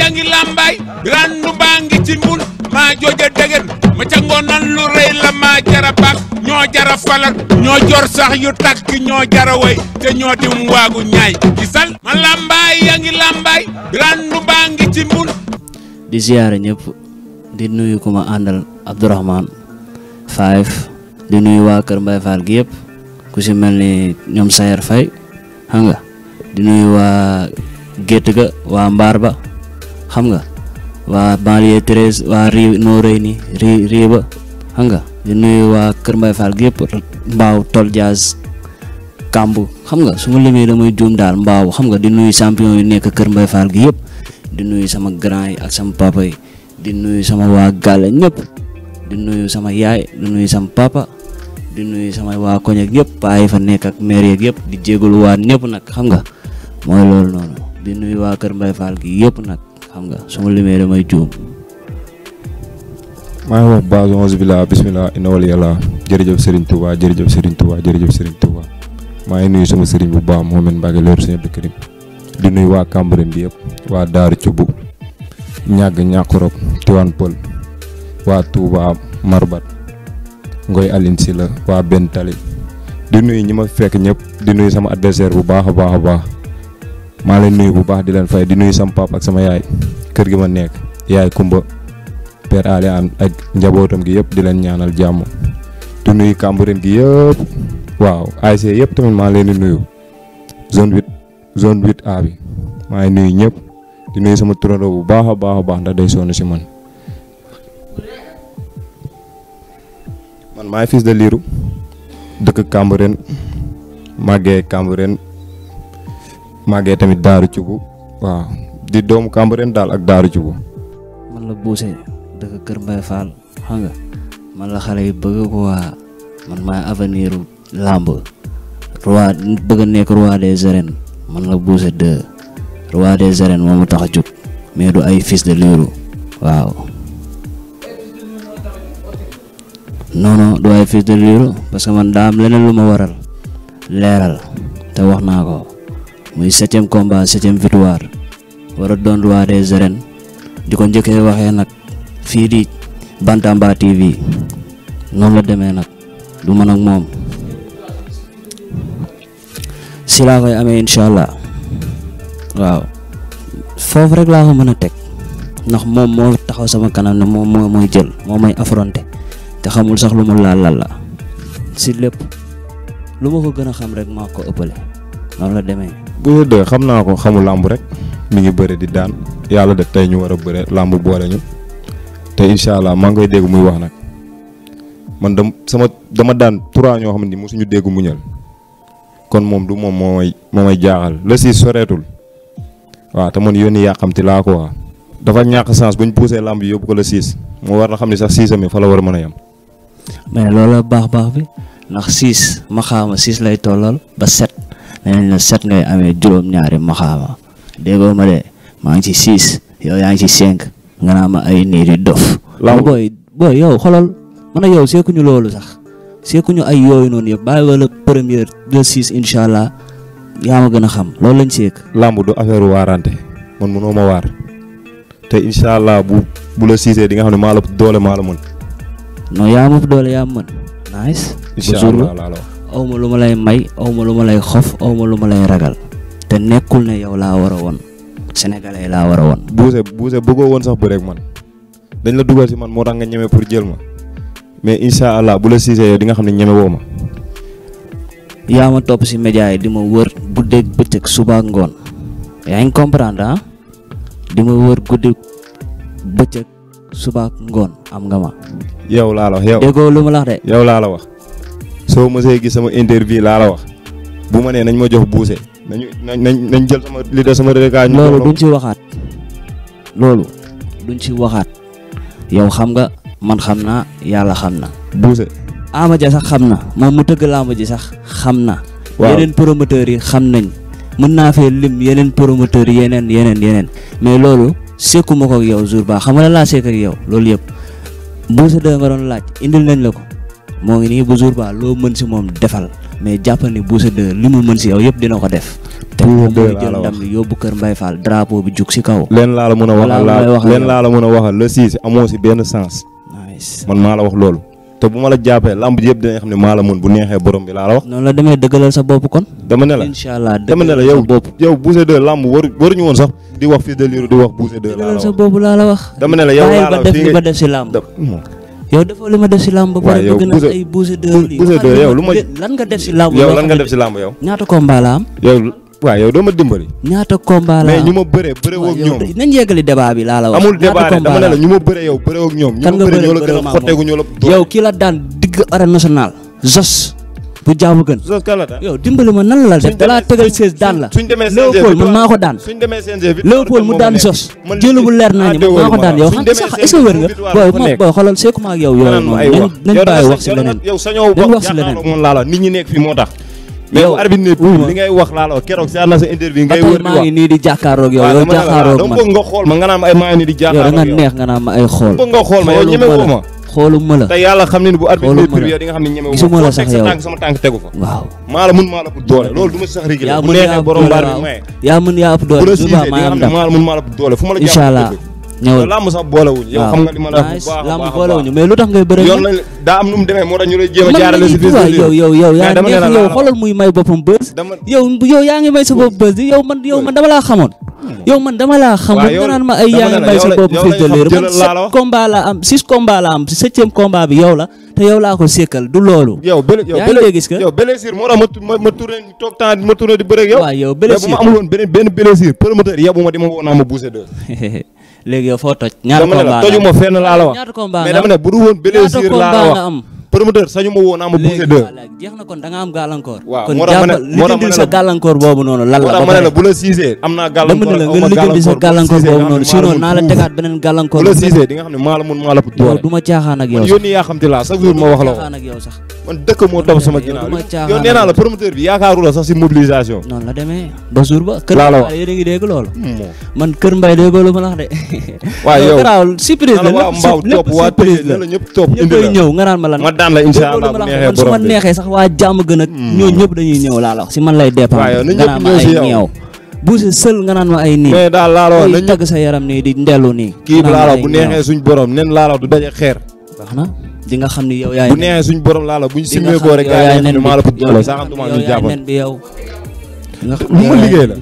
yaa ngi làmbaay randu baa ngi ci mun maa jooja degen ma ca ngoonan lu rëy la maa jara baax ñoo jara falar ñoo jor sax yu takk ñoo jara way te ñoo dim waagu ñaay gisal ma làmbaay yaa ngi làmbaay randu baa ngi ci mun di ziyaare ñëpp di nuyu ku ma àndal Abdourahmane Five di nuyu waa Kër Mbaye Fall gi yëpp ku si mel ni ñoom Sayer Faye xam di nuyu waa gétt ga waa mbaar ba xam nga waa banlieue treize waa ri noo rëy ni ri xam nga di nuyu waa Kër Mbaye Fall gi yëpp mbaaw tol jazz kàmb xam nga su ma limee damay juum daal mbaaw xam nga di nuyu champion yu nekk Kër mbay Fall gi yëpp di nuyu sama grand yi ak sama papa yi di nuyu sama waa gàlle ñëpp di nuyu sama yaay di nuyu sama papa di nuyu sama waa koñ ak ñëpp fa nekk ak maire yeeg yëpp di jégalu waa ñëpp nag xam nga mooy loolu noonu di nuyu waa Kër Mbaye Fall gi yëpp nag xam nga ma limee damay juum. maa ngi wax base onze bi la bisimilah inna wal yàlla jërëjëf Serigne Touba jërëjëf Serigne Touba jërëjëf Serigne Touba maa ngi nuyu sama Serigne bu baax Mouhamed Mbacke Lor Sëñ Abdou Karim di nuyu waa Cambérène bi yëpp waa Daaru Cubu ñàgg ñàkkurop Tiwaan Pël waa Touba Marbat Ngoy Aline Sylla waa benn tali di nuyu ñi ma fekk ñëpp di nuyu sama adversaire bu baax a baax a baax. maa leen nuyu bu baax di leen fa di nuyu sama papa ak sama yaay kër gi ma nekk yaay kumba père ale am njabootam gi yëpp di leen ñaanal jàmm di nuyu Cambérène gi yëpp waaw ASC yëpp tamit maa leen di nuyu zone huit zone huit bi maa ngi ñëpp di nuyu sama turandoo bu baax a baax a baax ndax day sonn si man. man maay fils de Lirou dëkk Cambérène màggee Cambérène màggee tamit daaru cubu waaw di doomu Cambérène daal ak daaru cubu man la buuse dëkk Kër Mbaye Fall xam man la xale yi bëgg ko waa man maay avenir làmb roi bëgg a nekk roi des arènes man la buuse de roi des arènes moomu tax a jóg mais du ay fils de waaw non du ay fils parce que man daa am leneen lu ma waral leeral te wax naa ko muy septième combat septième victoire war a doon roi des di ko njëkkee waxee nag fii di Bantamba TV noonu la demee nag lu mën ak moom si laa koy amee incha allah waaw foofu rek laa ko mën a teg ndax moom moo taxaw sama kanam ne moom moo mooy jël moo may affronté te xamul sax lu mu laal laal la si lépp lu ma ko gën a xam rek maa ko ëppale noonu la demee Boucher 2 xam naa ko xamu làmb rek mu ngi bëre di daan yàlla def tey ñu war a bëre làmb boole ñu te incha allah maa ngi koy dégg muy wax nag man dam sama dama daan trois ñoo xam ne mosuñu dégg mu ñal kon moom du moom moo may moo may jaaxal la si soreetul waaw te man yónni yàqamti laa ko waa dafa ñàkk sens bu ñu poussé làmb yi yóbbu ko la siis moo war na xam ne sax siisam yi fa la war a mën a yem. mais loolu baax baax bi ndax siis ma xaama siis lay dañu la set ngay amee juróom-ñaari maxaama déggoo ma de maa ngi ci six yow yaa ngi ci cinq nga naa ma ay niir yu dof. loolu booy yow xoolal man ak yow seekuñu loolu sax seekuñu ay yooyu noonu yëpp bàyyi wala première de six incha allah yaa ma gën a xam loolu lañ seek. làmb du affaire waarante man mënoo ma waar te incha allah bu la siisee di nga xam ne maa la doole maa la mën. yaa ma doole yaa mën. nice. incha allah awma lu ma lay may awma lu ma lay xof awma lu ma lay ragal te nekkul ne yow laa war a woon sénégalais laa war a woon buuse buuse bëggoo woon sax bu rek man dañ la dugal si man moo tax nga ñeme pour jël ma mais incha allah bu la siisee yow di xam ne ñeme woo ma ma topp si média yi di ma wër guddeeg bëccëg suba ak ngoon yaa ngi comprendre ah di ma wër guddeeg bëccëg ngoon am nga ma yow laa la wax yow déggoo lu ma la de yow laa la wax soo mësee gis sama interview laa la wax bu ma nee nañ ma jox buuse nañu nañ nañ jël sama li sama rëkaa ñu loolu duñ ci waxaat loolu duñ ci waxaat yow xam nga man xam naa yàlla xam na buuse aama ja sax xam na moom mu tëgg làmb ji sax xam na yeneen promoteurs yi xam nañ mën naa fee lim yeneen promoteurs yi yeneen yeneen yeneen mais loolu sekku ma ko ak yow jour ba xam nga laa sekk ak yow loolu yëpp buuse de nga doon laaj indil nañ la ko moo ngi nii bu jour ba loo mën si moom defal mais jàppal ni Boucher 2 li mu mën si yow yëpp dina ko def. te moom mooy jël ndam li yóbbu Kër Mbaye Fall drapeau bi jug si kaw. leen laa la mën a waxal leen laa la mën a waxal le 6 amoo si benn sens. man maa la wax loolu. te bu ma la jàppee lamb ji yëpp dinañ xam ne maa la mën bu neexee borom bi laa la wax. noonu la demee dëggalal sa bopp kon. dama ne la incha allah dëggalal sa bopp dama ne la yow yow Boucher 2 lamb waru waruñu woon sax di wax fii de liiru di wax Boucher 2. laa la wax dëggalal sa bopp laa la wax. yow dafa li ma def si làmb. waaw yow bouse ay bouse d'or bouse d'or yow lu ma lan nga def si làmb yow nga def si làmb yow. ñaata combat la am. yow waaw yow doo ma dimbali. ñaata combat la am mais ñu ma bëree bëree woog ñoom. nañ yeggali débat bi laa la wax. amul débat de dama ne la ñu ma bëree yow bëree woog ñoom. kan nga bëree ñoo la gën a xotteeku ñoo la. yow ki la daan digg arène nationale jos bu jaamu gën. yow dimbali ma nan la def. da laa tegal sees daan la. suñ demee Léopold maa ko daan. suñ mu daan sos. jëlu bu leer naa ñu man maa ko daan yow xam sax est-ce que nga. booy ma booy xoolal seeku ma ak yow yooyu nañ bàyyi wax si leneen nañ wax si leneen. nit ñi nekk fi moo tax. mais yow arbitre bi li ngay wax laaloo keroog si ànd sa interview ngay wër maa ngi di jàkkaaroog nga xool ma nga naan ay maa yow da neex nga naan ma ay xool bëgg nga xool xooluma la te yàlla xam ne bu at bi di nga xam ne ñemewu gisuma la sax yow tànk sama tànk tegu fa waaw maa la mun maa la ëpp doole ma doole yaa mën yaa ñëwal sax boolewuñ yow xam nga la wax bu baax làmb boolewuñ lu tax ngay bëre yoon daa am nu mu demee moo tax ñu lay jéem a jaarale si biir yow yow yow yaa neex yow xoolal muy may boppam bës yow yow yaa ngi may sa bopp bës yow man yow man dama laa xamoon yow man dama laa xam nga ma ay yaa ngi may sa bopp fils de l'heure man la am six combat la am septième bi yow la te yow laa ko sekkal du loolu yow yaa ngi dégg gis que yow blessure moo tax ma ma tourné toog temps ma tourné di bëre yow waaw yow blessure bu ma benn benn blessure promoteur yebuma di ma woo naa ma buuse deux léegi yow foo toj. ñaata combat la tojuma fenn laa la wax. ñaata combat mais dama ne bu du woon blessure laa wax promoteur sañu ma woon a poussé deux. jeex na kon da am gàllankoor. waaw moo tax ma sa gàllankoor boobu noonu lan la. ba pare bu la siisee am naa gàllankoor dama ne la nga lijjantil sa gàllankoor boobu noonu sinon naa la tegaat beneen gàllankoor. bu la siisee di xam ne maa la mun maa la. yow du ma caaxaan yow sax man yónni ma wax la ko. man dëkk moo topp sama ginnaaw yow nee la promoteur bi yaakaaru sax si mobilisation. noonu la demee ba jour ba. kër Mbaye yéen a ngi hmm. man kër Mbaye déggoo la ma la wax de. waaw yow la lépp surprise la topp waa tëj ñëpp topp ñëw nga naan ma la incha allah su ma neexee sax waa jàmm gën a. Hmm. ñooñu ñëpp dañuy ñëw laa si man lay dépendre. waaw yow na ñëpp ñëw si yow buuse sël nga ma ay nii. mais daal laalaw nañu tagg sa yaram nii di ndellu nii. kii bi laalaw bu neexee suñ borom nen du daje xeer. wax na di nga xam ni yow yaay. bu neexee suñu bu ñu simee ko rek. yaay nen bi yow lu ma liggéey la.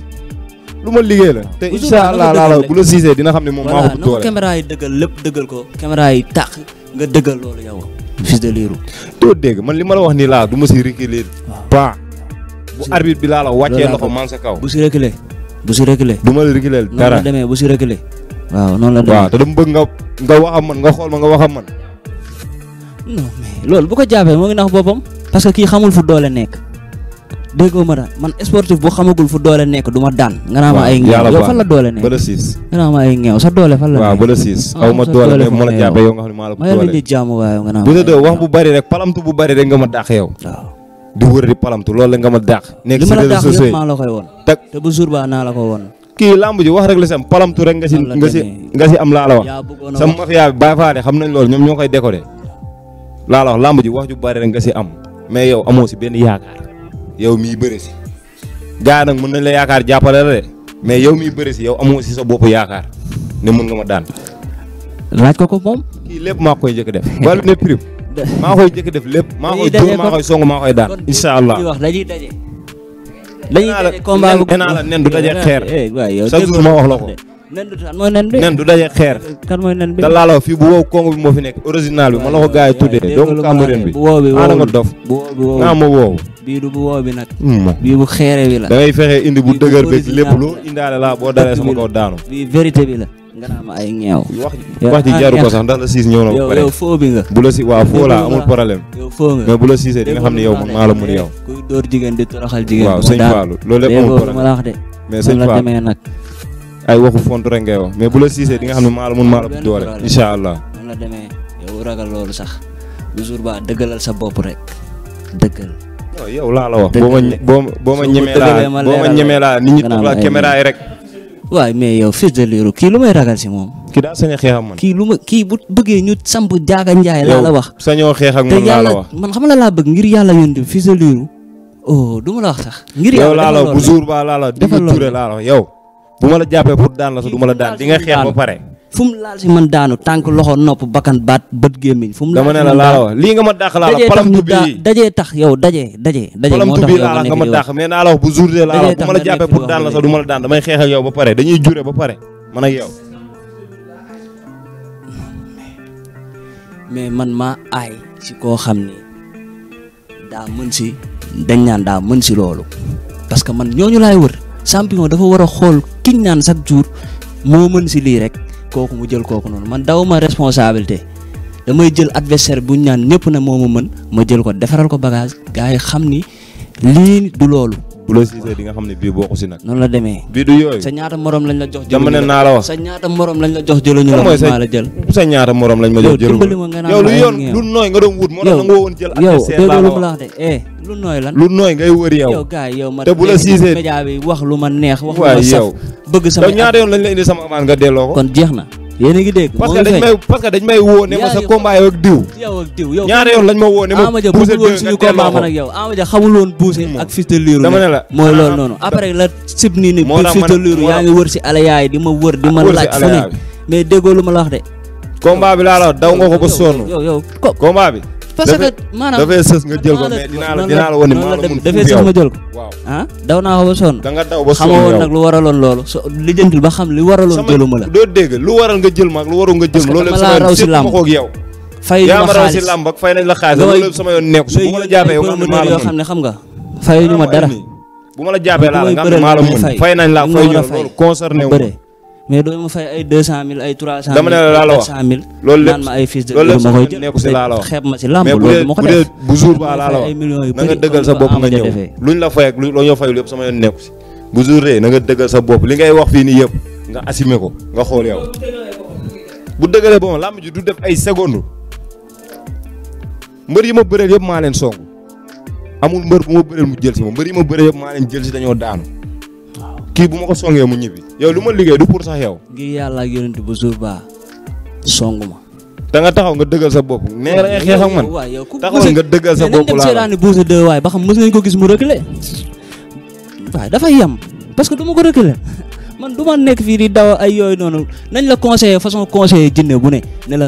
lu ma liggéey la te xam ne moom doole caméra yi dëggal lépp dëggal ko. caméra yi tàq nga dëggal loolu yow. fils de Lirou. doo dégg man li ma la wax ni laa du ma si reculer. waaw bu arbitre bi laa la wàccee loxo man sa kaw. bu si reculer bu ma la reculer dara demee bu si reculer. waaw noonu la demee te dama bëgg nga nga man nga xool ma nga wax ak man. non mais loolu bu ko jàppee moo ngi nax boppam parce que kii xamul fu doole nekk déggoo ma daal man sportif bu xamagul fu doole nekk du ma daan. nga naa ma ay ngeew yow fan la doole nekk bala siis nga naa ma ay ngeew sa doole fan ah, aw ma wax bu bari rek palamtu bu bari rek nga ma dàq yow waaw di wër di palamtu loolu la nga ma dàq nekk si réseaux sociaux yi maa la koy woon te bu jour ba naa la ko woon kii lamb ji wax rek la si palamtu rek nga si nga si am laa la wax sa loolu ñoom ñoo koy décorer laalo la làmb ji wax ju bari rek nga si am mais yow amoo si benn yaakaar yow mii bëri si gaa nag mën nañ la yaakaar jàppale la de mais yow mii bëri si yow amoo si sa bopp yaakaar ne mën nga ma daan. laaj ko ko moom. lépp maa koy jëkk def. wàllu ne prime. maa koy jëkk def lépp. maa koy dóor maa koy song maa koy daan. incha allah wax dañuy daje. dañuy daje combat bu nee naa la nen du daje eh, xeer. Eh, chaque jour ma wax la ko. nen du tan mooy nen bi nen du daje xeer. kan mooy nen bu wow Congo bi moo fi nekk original bi ma la ko gars yi tuddee. doomu Cameroun bi bu wow bi wow bi wow bi nag. Hmm. bii bu xeere bi la. da ngay fexe indi bu dëgër beeg lépp lu indaale laa boo dalee sama kaw daanu. bii vérité bi la. nga naa ma ay ñeew. wax ji ah, jaru ko sax ndax la siis ñëw na ba pare. yow foo bi nga. bu la si waaw foo laa amul problème. mais bu la siisee di nga xam ne yow man maa la mun yow. kuy dóor jigéen di toroxal jigéen. waaw sëñ Fallou ay waxu font rek wax mais bu la siisee di xam ne maa la mun maa la doole incha allah. la demee yow ragal loolu sax dëggalal sa bopp rek dëggal. yow laa la wax boo ma boo boo ma ñemee laa ma ñemee laa nit ñi toog la rek. waaw mais yow fils kii lu may ragal si moom. kii daa sañ a xeex ak lu ma kii bu bëggee ñu samp jaaga njaay laa la wax. sañoo xeex ak man laa wax man xam la laa bëgg ngir yàlla yónni fils de oh, du ma la ngir yàlla yow laa yow. bu ma la jàppee pour daan la sax du ma la daan di nga xeex ba pare. fu mu laal si man daanu tànk loxo nopp bakkan baat bët gémmiñ fu mu laal dama ne la laa lii nga ma dàq laa la palamtu bii tax yow dajee dajee dajee palamtu bii laa la nga naa la wax bu jour de laa la bu ma la jàppee pour daan la sax du ma la daan damay xeex ak yow ba pare dañuy jure ba pare man ak yow mais man maa aay si koo xam ni daa mën si dañ ñaan daa mën si loolu parce que man ñooñu wër champion dafa war a xool kiñ naan chaque jour moo mën si lii rek kooku mu jël kooku noonu man daw ma responsabilité damay jël adversaire bu ñu naan ñëpp na moo ma mën ma jël ko defaral ko bagage gars yi xam ni lii du loolu. bu la siisee di nga xam ne bii bokku si nag. noonu la demee. bii du yooyu sa ñaata morom lañ la jox. jëluñu la naa la wax sa ñaata morom lañ la jox jëluñu la maa la jël. sa ñaata morom lañ ma jox jëluñu yow lu yoon lu nooy nga doon wut moo tax nga woon jël adversaire la wax de eh. lu nooy lan lu nooy ngay wër yow. yow gars yow man te bu la siisee wax lu ma neex. wax lu ma saf bëgg sama ñaata yoon a ngi dégg. parce que ak diw. ñaata yoon lañ ma woo ne ma. Ama Dia bëggul woon suñu man ak yow Ama Dia xamul buuse ak Fils mooy loolu noonu après la sib nii ni yaa ngi wër si alayaay di ma wër di ma laaj fu ne mais déggoo lu ma la wax de combat bi laa la daw nga ko ba sonn parce que maanaam dafay sës nga jël ko mais dinaa la dinaa la woon ni maa la mun dafay sës ma jël ko ah daw naa ko ba sonn da nga daw ba sonn xamoo woon nag lu waraloon loolu so li jëntul ba xam li waraloon jëluma la doo dégg lu waral nga jël maag lu waroo nga jël loolu sama raw si làmb ak yow fay si làmb nañ la xaalis loolu sama yoon nekk su bu la jàppee yow xam ne maa la yoo xam ne xam nga fayu ñu ma dara bu ma la jàppee laa la nga xam ne maa la fay nañ la fay ñu concerné wu mais doo ma fay ay deux cent mille ay trois cent mille. dama ne la la wax loolu lépp ma ay fils de loolu ma koy jël xeeb ma si làmb loolu ma ko def bu jour ba la wax na dëggal sa bopp ah, nga ñëw luñ la fay ak lu ñoo fayul yëpp sama yoon nekku si bu jour ree na nga dëggal sa bopp li ngay wax fii nii yëpp nga assumé ko nga xool yow bu dëggalee bon làmb ji du def ay seconde mbër yi ma bëreel yëpp maa leen song amul mbër bu ma bëreel mu jël si mbër yi ma bëreel yëpp maa leen jël si dañoo daanu kii bu ma ko songee mu ñibbi yow lu ma liggéey du pour sax yow. ngir yàlla ak yonent bu jour ba song ma. da nga taxaw nga dëggal sa bopp nee nga da ngay xeex man taxaw nga dëggal sa bopp laa la mais nañ dem waay ba xam mës nañ ko gis mu reculer waaw dafay yem parce que du ma ko reculer man du ma nekk fii di daw ay yooyu noonu nañ la conseiller façon conseiller jinne bu ne ne la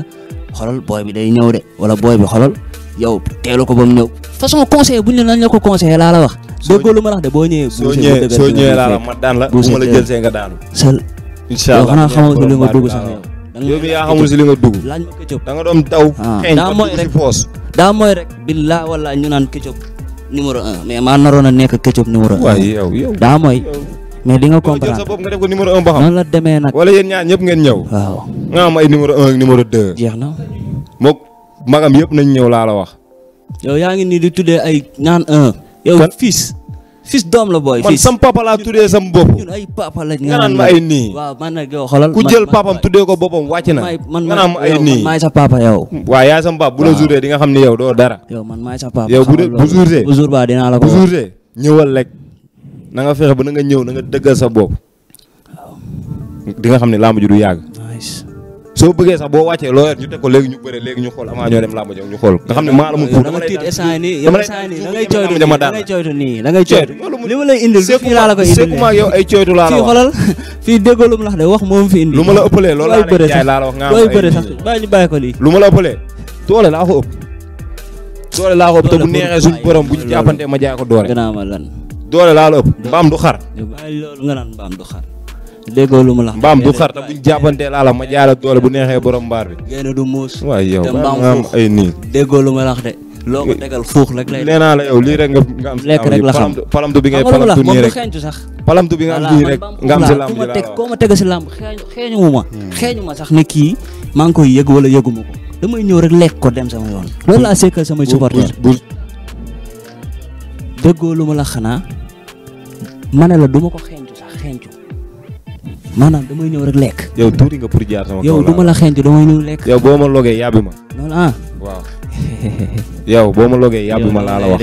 xolal booy bi day ñëw de wala booy bi xolal yow teelu ko ba ñëw façon conseiller bu ñu nañ la ko conseiller laa la wax. déggoo lu ma wax de boo ñëwee. soo ñëwee soo la ma la bu ma la jël see dugg sax yow mi yaa xamul si li nga dugg. laaj ma da nga doon daw. xeeñ ah. daa mooy rek daa mooy ñu naan këccëg numéro un ma maa naroon a nekk këccëg numéro un. waaye yow yow daa mooy. mais di nga comprendre nga def ko numéro un ba xam. noonu la demee nag. wala yéen ñaar ñëpp ngeen ñëw. waaw nga am ay numéro un ak numéro jeex na. moog magam yëpp nañ ñëw laa la wax. yow yaa ngi nii di tuddee ay naan un. yow fiis fiis doom la booy. fils man sam papa laa tuddee sam bopp. ñun ay papa lañ. nga naan ma ay nii. waaw man nag yow xoolal ku jël papam tuddee ko boppam wàcc na. man man ay nii maay sa papa yow. waaw yaay sam papa bu la jouree di nga xam ni yow doo dara. yow man maay sa papa. yow bu bu jouree bu jour dinaa la ko. bu jouree ñëwal rek na nga fexe ba na nga ñëw na nga dëggal sa bopp. di nga xam ne làmb ji du yàgg. soo bëggee sax boo wàccee loo yor ñu teg ko léegi ñu bëre léegi ñu xool amaa ñoo dem làmb ja ñu xool nga xam ne maa la mu dama tiit instant nii yow instant coytu nii da ma lay indil fii laa yow ay coytu laa la wax fii xoolal mu la wax wax moom fi indi lu ma la ëppalee loolu laa bëre la wax nga looy ko lii lu ma la ëppalee doole laa ko ëpp doole laa ko ëpp te bu neexee suñu borom bu ñu jàppante ma jaay ko doole doole laa la ëpp mbaam du xar loolu nga naan mbaam du xar déggoo lu mu la. mbaam du xar te buñ jàppanteel ala ma jaara doole bu neexee borom mbaar bi. génn du muus. waay yow maa am ay nii ma la wax de. loo ko tegal fuux rek yow lii rek nga am. lekk rek la xam palamtu bi ngay palamtu nii rek palamtu bi nga am rek nga am koo ma teg si lamb ma. xeeñu ma hmm. sax ne kii maa ngi koy yëg wala ñëw rek lekk ko dem sama yoon. loolu laa sekkal samay supporters. déggoo lu ma la xanaa ma ne la du ko xeeñcu sax xeeñcu. maanaam damay ñëw rek lekk. yow tuuti nga pour jaar sama. yow du ma la ah. xeenti damay ñëw lekk. yow boo ma logee yàbbi ma. loolu ah. boo ma logee laa la wax.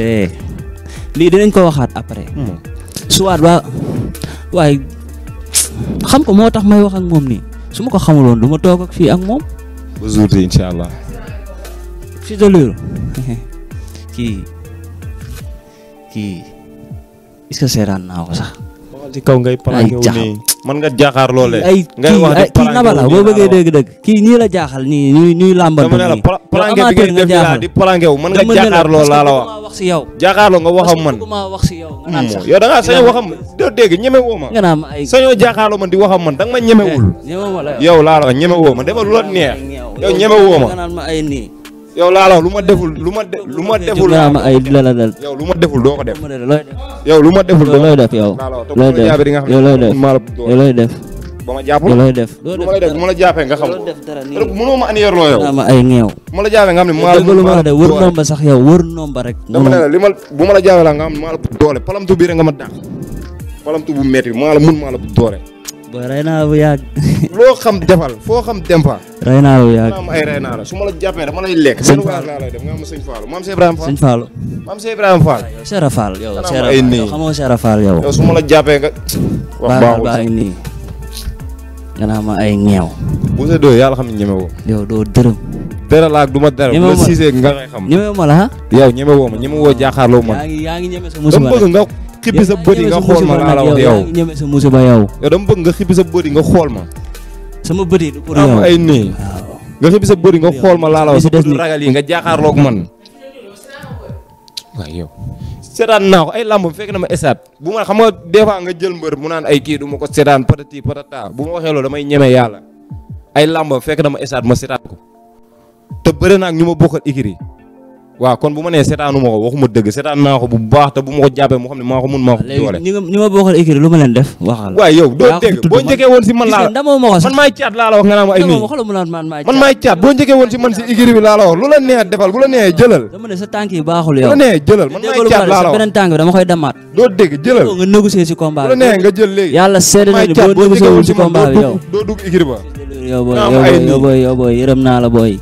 lii dinañ ko waxaat après. Hmm. soit ba waaye xam ko moo tax may wax ak moom nii su ma ko xamuloon duma ma toog ak fii ak moom. ba jour bi incha allah. Fils de Lirou kii est-ce que seetaan naa ko sax. ci kaw ngay plan ñëw nii man nga jaaxaar loolee ay kii naba la boo bëggee dëgg dëgg kii nii la jaaxal nii ñuy ñuy làmbat nii plange bi ngay def yaa di plange wu man nga jaaxaar loo laa la wax si yow jaaxaar loo nga waxam man wax si yow hmm. yow da ngaa sañoo waxam doo dégg ñeme woo ma nga naan ay sañoo jaaxaar loo man di waxam man da nga ma ñemewul eh, yow laa la wax ñeme woo ma defal lu la neex yow ñeme woo ma nga naan ma yow laa lu ma deful lu ma de lu ma deful. la la dal. yow lu ma deful doo ko def. yow lu ma deful doo ko def looy def yow looy def yow looy def. ma jàppul looy def. lu ma lay def bu ma la jàppee nga xam ko. mënoo ma andi yow. ma bu ma la jàppee nga xam ne maa la. lu ma de wër nomba sax yow wër nomba rek. dama ne li ma bu ma la jàppee la nga xam ne maa la doole palamtu bi rek nga ma dàq. palamtu bu métti maa la mun maa la doole booy rey naa bu yàgg. loo xam defal foo xam dem fa. rey naa bu yàgg la su ma la jàppee dama lay lekk. sëñ Fallou laa lay def nga am sëñ Fallou maam Cheikh Ibrahima su ma la jàppee nga. wax baaxul baa nga ay ñeew. bu sa doo yàlla xam ne ñeme woo. du ma dara. ñeme woo ma la bu la siisee nga xam. ñeme woo ñeme woo ñeme woo jaaxaarloo ma. yaa ngi yaa ngi sa musu xippi sa bët yi nga xool ma laa la nga xool ma sama bët yi ay nii nga xippi sa bët yi nga xool ma laa la wax sa bët yi nga jaaxaarloog man waaw yow seetaan naa ko ay làmb fekk na ma esaat bu ma xam nga des fois nga jël mbër mu naan ay kii du ma ko seetaan patati patata bu ma waxee loolu damay ñeme yàlla ay làmb fekk na ma esaat ma seetaan ko te bëri naa ak ñu ma bokkal ikiri waaw kon bu ma nee seetaanu ma ko waxuma dëgg seetaan naa ko bu baax te bu ma ko jàppee mu xam ne maa ko mun maa ko doole léegi ñi ma bokkal écrit lu ma leen def waxal waaye yow doo dégg boo njëkkee woon si man laa la man maay caat laa wax nga naan ma ay nii man maay caat boo njëkkee woon si man si écrit bi wax lu la neex defal bu la neexee jëlal dama ne sa tànk baaxul yow man maay caat laa la wax beneen tànk bi dama koy damaat doo dégg jëlal nga négocier si la neexee nga jël léegi yàlla seede na ni boo négocier naa la booy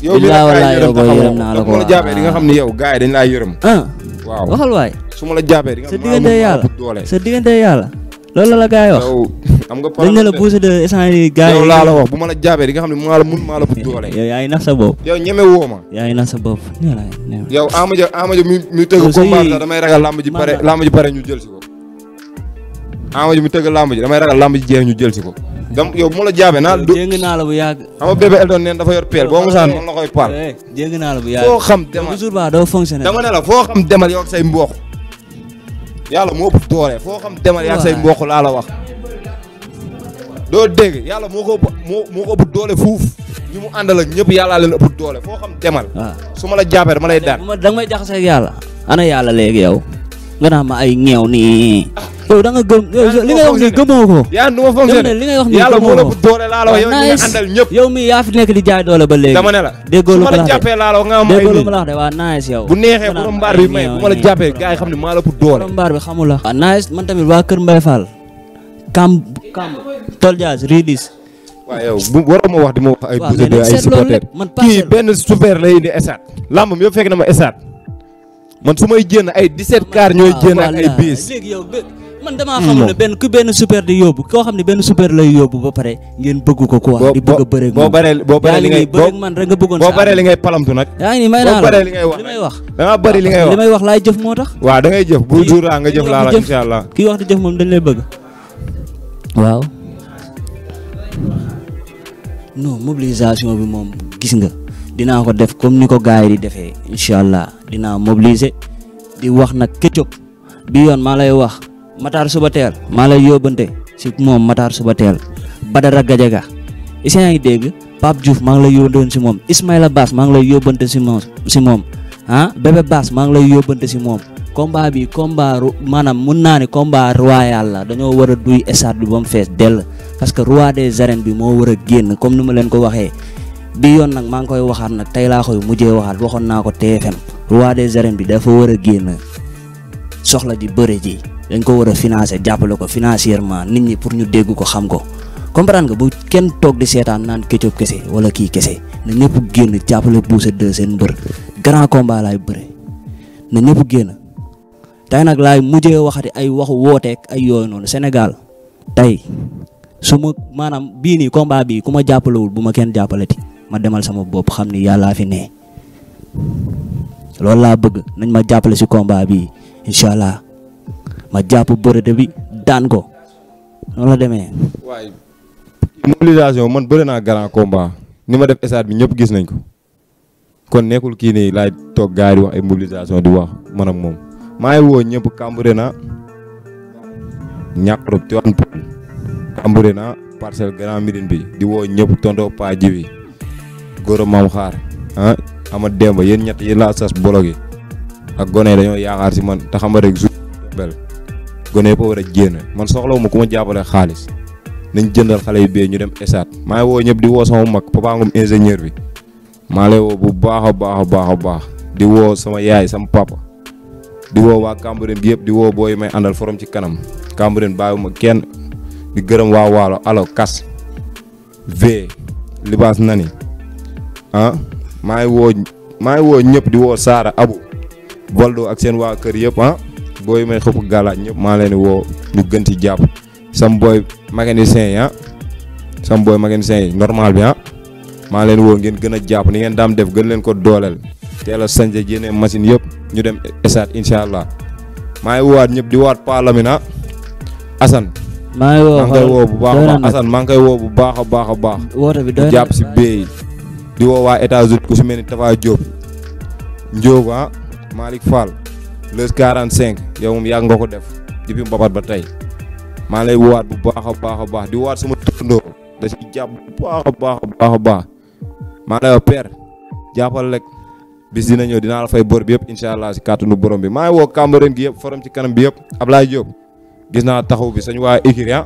yow mi la gaa yi yërëm taxawoo ndax bu la jàppee di nga xam ne yow gaa yi dañ laa yërëm. Ah, waaw waxal waay. su ma la jàppee di nga xam ne maa ngi doole sa diggante yàlla loolu la nga problème la bouse de échange yi laa la wax bu ma la jàppee di nga xam ne maa la mun maa la doole. yow yaa ngi nax sa bopp. yow ñeme woo ma. yaa ngi nax sa bopp nee yow Ama Dia Ama Dia mi mi tëgg combat sax damay ragal làmb ji pare làmb ji pare ñu jël si ko. Ama Dia mi làmb ji damay ragal làmb ji jeex ñu jël si ko gam yow ma la jaabee naa. du bu yàgg. dafa yor peel boo mosaan mën na koy eh, naa bu xam demal toujours ba doo fonctionner. dama ne la foo xam demal yow ak say mbokk. yàlla foo xam demal say mbokk laa la wax. dégg yàlla moo ko moo ëpp doole fuuf ñi mu àndal ak ñëpp yàllaa leen ëpp doole foo xam demal. waaw ah. su ma la jaabee dama lay eh, daan. danga may jaxase ak yàlla. ana yàlla léegi yow. nga naa ma ay ñeew nii. yow da nga gëm li ngay wax nii gëmoo li ngay wax nii la bu doole laa la wax yow ñu ñëpp. yow mi yaa fi nekk di jaay doole ba léegi. ne la déggoo lu ma la jàppee laa la wax nga am de waa nice yow. bu neexee borom mbaar bi may bu ma la jàppee gaa yi xam ne ma la bu doole. borom mbaar bi xamul la. waa nice man tamit waa Kër Mbaye Fall. Kamb Kamb. Toldias Ridis. waa yow bu waroo ma wax di ma wax ay. waaw mais nag seet loolu man paase la kii benn super lay indi esaat. làmbam yëpp fekk na ma esaat man su may jéem ay 17 car ñooy jéem ak ay bis léegi yow man damaa xamul ne benn ku benn supeer di yóbbu koo xam ne benn super lay yóbbu ba pare ngeen bëgg ko quoi di bëgg a baree boo baree li ngay bëreeg man rek nga bëggoon boo baree li ngay palamtu nag yaa ngi nii li ngay wax li may wax da ngaa li ngay wax li may wax laay jëf moo tax waa da ngay jëf bu jour a nga jëf laa la incha allah kii wax di jëf moom dañ lay bëgg waaw non mobilisation bi moom gis nga dinaa ko def comme ni ko gars yi di defee incha allah dinaa mobiliser di wax nag Ketchup bi yoon maa lay wax Matar Subatel maa lay yóbbante si moom Matar Subatel Badara Gajaga is yaa ngi dégg Pape Diouf maa ngi lay yóbbante si moom Ismaïla Bass maa ngi lay yóbbante si moom si moom ah Bébé Bass maa ngi lay yóbbante si moom combat bi maanaam mun naa ne combat royal la dañoo war a duy stade bi ba fees dell parce que roi des arènes bi moo war a génn comme ni ma leen ko waxee bi yoon nag maa ngi koy waxaat nag tey laa koy waxaat waxoon naa ko TFM roi des arènes bi dafa war a génn soxla ji bëre ji dañ ko war a financer jàppale ko financièrement nit ñi pour ñu dégg ko xam ko comprendre nga bu kenn toog di seetaan naan Ketchup kese wala kii kese na ñëpp génn jàppale Boucher 2 seen mbër grand combat laay bëre na ñëpp génn tey nag laay mujjee waxati ay waxu wooteek ay yooyu noonu senegal tey suma ma maanaam bii nii combat bii ku ma jàppalewul bu ma kenn jàppalati ma demal sama bopp xam ni yàllaa fi ne loolu laa bëgg nañ ma jàppale si combat bi incha allah ma jàpp bëreet bi daan ko noonu la demee. waaye man bëri naa grand combat ni ma def stade bi ñëpp gis nañ ko kon nekkul kii nii laay toog gars wax ay mobilisation di wax man moom maa woo ñëpp kàmbure na ñàkk rëbb ci wàllu na Parcelles Grand Médine bi di woo ñëpp tonto Pa Jibi góor a maam xaar ah ama demba yéen ñett yéen laa sas bolo gi ak gone dañoo yaakaar si man te xam nga rek jour bel gone yëpp war a génn man soxlawuma ku ma jàppale xaalis nañ jëndal xale yu bee ñu dem esaat maa ngi woo ñëpp di woo sama mag papa ngum ingénieur bi maa woo bu baax a baax a baax a baax di woo sama yaay sama papa di woo waa Cambérène bi yëpp di woo booy may àndal forom ci kanam Cambérène bàyyiwuma kenn di gërëm waa waalo alo kas v libaas nani ah maa ngi woo maa ngi woo ñëpp di woo Saara Abu Boldo ak seen waa kër yëpp ah booy may xëpp galaaj ñëpp maa leen di woo ñu gën ci jàpp sam booy mécanicien yi ah sam yi normal bi ah maa leen woo ngeen gën a jàpp ni ngeen daam def gën leen ko dooleel teel a sanje machine yëpp ñu dem esaat incha allah maa ngi woowaat ñëpp di waat Pa na ah Assane maa ngi woo bu baax a maa ngi koy woo bu baax a baax a baax woote jàpp si bee yi di woo États-Unis ku si mel ni Tafa Diop Ndiob ah Malick Fall les 45 yow moom yàgg nga ko def depuis mbapat ba tey maa lay woowaat bu baax a baax a baax di woowaat sama turandoo da si jàpp bu baax a baax maa lay wax père jàppal bis dina ñëw dinaa la fay bor yëpp incha allah si kàttanu borom bi maa ngi woo Cambérène gi yëpp forom ci kanam bi yëpp Ablaye Diop gis naa taxaw bi sañ waa Ikiri ah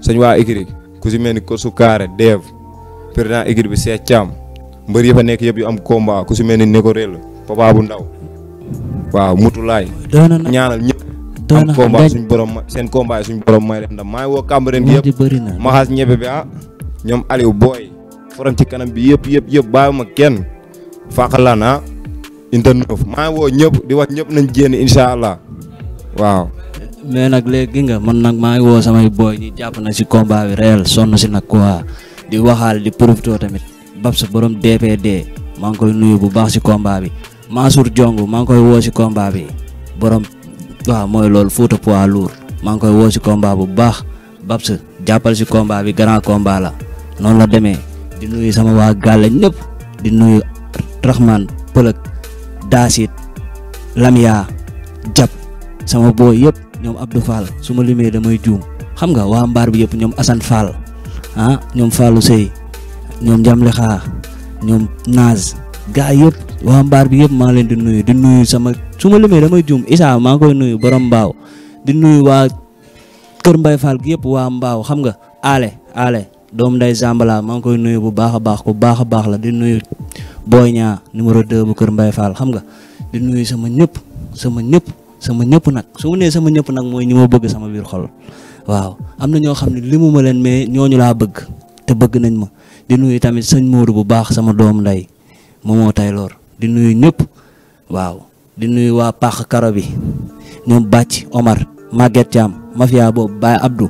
sañ waa Ikiri ku si mel ni Kosu Kaare président équipe bi Cheikh Thiam mbër yi fa nekk yëpp yu am combat ku si mel ni Neko Rell Papa bu ndaw waaw mutulaay ñaanal ñëpp am combat suñu borom seen combat suñu borom may leen ndam maa ngi woo Cambérène yëpp maxaas ñebe bi ah ñoom Aliou Boy forom ci kanam bi yëpp yëpp yëpp bàyyiwuma kenn fàqalaan ah inter neuf maa ngi woo ñëpp di wax ñëpp nañ jénn incha allah waaw mais nag léegi nga man nag maa woo samay booy ñi jàpp na si combat bi réel sonn si nag quoi di waxaal di profito tamit Babs borom DPD maa ngi koy nuyu bu baax si combat bi Mansour Diong maa ngi koy woo si combat bi borom waaw mooy lool Fouta poids lourd maa ngi koy woo si combat bu baax Babs jàppal si combat bi grand combat la noonu la demee di nuyu sama waa gàlle ñëpp di nuyu Rahman Pëlëg Daasit Lamia Jab sama boo yëpp ñoom Abdou Fall su ma limee damay juum xam nga waa mbaar bi yëpp ñoom Assane Fall ah ñoom Fallou Sey ñoom Jamle Xaa ñoom Naaz gaa yëpp waa mbaar bi yëpp maa leen di nuyu di sama su ma limee damay juum Issa maa koy nuyu borom mbaaw di nuyu waa Kër Mbay Fall gi yëpp waa mbaaw xam nga ale ale doom nday Zambala maa ngi koy nuyu bu baax a baax bu baax a baax la di nuyu Boy Niang numéro 2 Kër mbaay faal xam nga di nuyu sama ñëpp sama ñëpp sama ñëpp nag su ma sama ñëpp nag mooy ñi ma sama biir xol. waaw am na ñoo xam ne limu ma leen mais ñu laa bëgg te bëgg nañ ma di nuyu tamit sëñ Modou bu baax sama doom nday moomoo Taylor di nuyu ñëpp waaw di nuyu waa Pax Karo bi ñoom Bàcc Omar Maguette Thiam mafia boobu Baye Abdou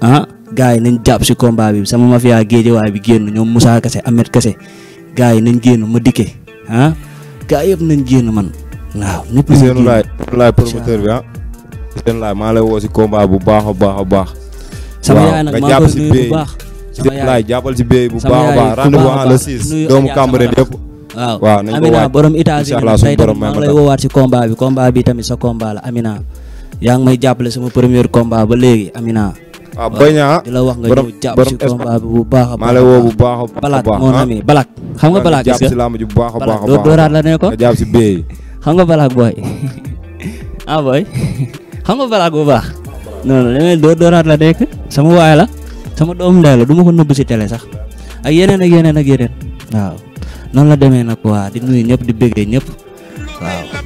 ah gars yi nañ jàpp si combat bi sama mafia géejewaay bi génn ñoom Moussa kese Ahmed kese gaa yi nañ génn ma dikke ah gars yëpp nañ génn man waaw ñëpp laay promoteur ah. seen laay maa lay woo si combat bu baax a baax a baax. sama yaay nag maa ngi koy nuyu bu baax si seen laay jàppal si béy bu baax a baax. rendez-vous à la six doomu Cambérène yëpp. waaw bi combat bi tamit sa combat la Amina. yaa ngi may sama premier combat ba léegi Amina. waaw bañ a di la wax nga ñëw jàpp si combat bu baax a baax maa lay woo bu baax a baax balaat moo nami balaat xam bu baax a baax a baax dooraat la booy xam nga balaag bu baax non non damay dóor la nekk sama waay la sama doom ndey la du ma ko nëbb si tele sax ak yeneen ak yeneen ak yeneen waaw noonu la demee nag waa di nuyu ñëpp di bëggee ñëpp waaw.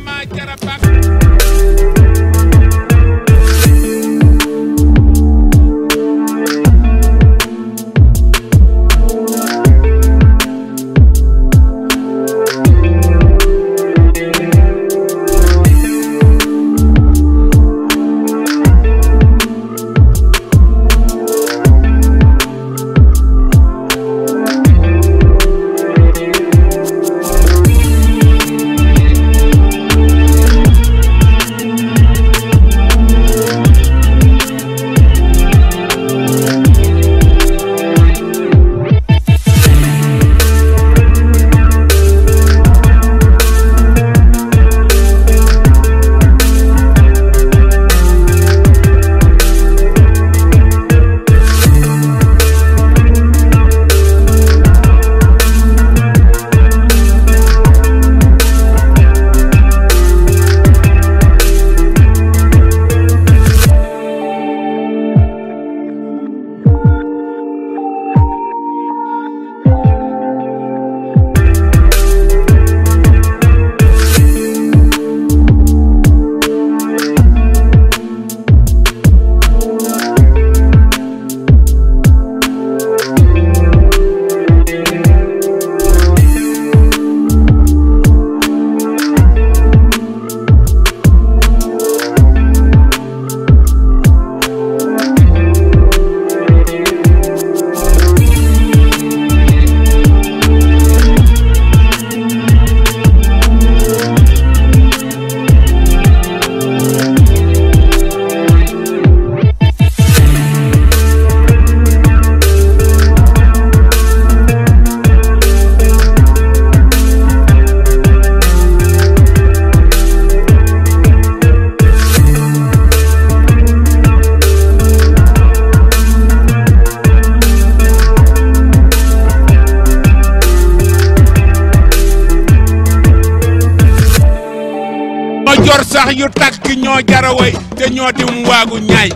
yu tàkk ñoo jaraway te ñoo dim waagu ñaay